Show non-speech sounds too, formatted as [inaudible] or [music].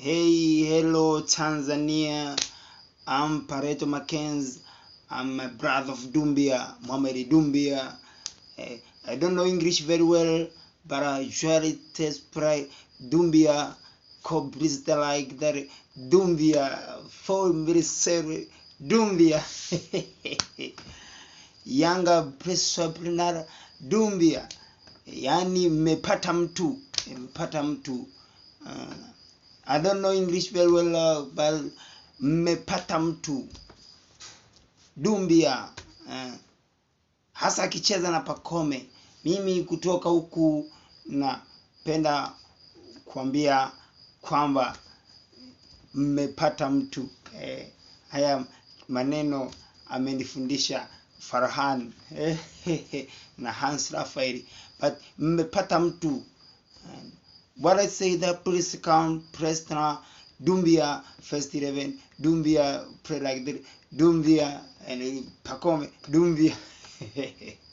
Hey, hello Tanzania. I'm Pareto Mackenzie. I'm a brother of Dumbia, Mohamed Dumbia. Uh, I don't know English very well, but I usually test pray Dumbia, Cobrista like that. Dumbia, four military Dumbia. [laughs] Yanga Presoplinara Dumbia. yani mmepata mtu, mmepata mtu. Uh, I don't know English very well uh, but mmepata mtu Dumbia eh, hasa akicheza na Pakome. Mimi kutoka huku napenda kuambia kwamba mmepata mtu eh, haya maneno amenifundisha Farhan eh, [laughs] na Hans Rafael but mmepata mtu what I say that please come, Prestana, Dumbia, First Eleven, Dumbia, pray like that, Dumbia, and Pacome, Dumbia. [laughs]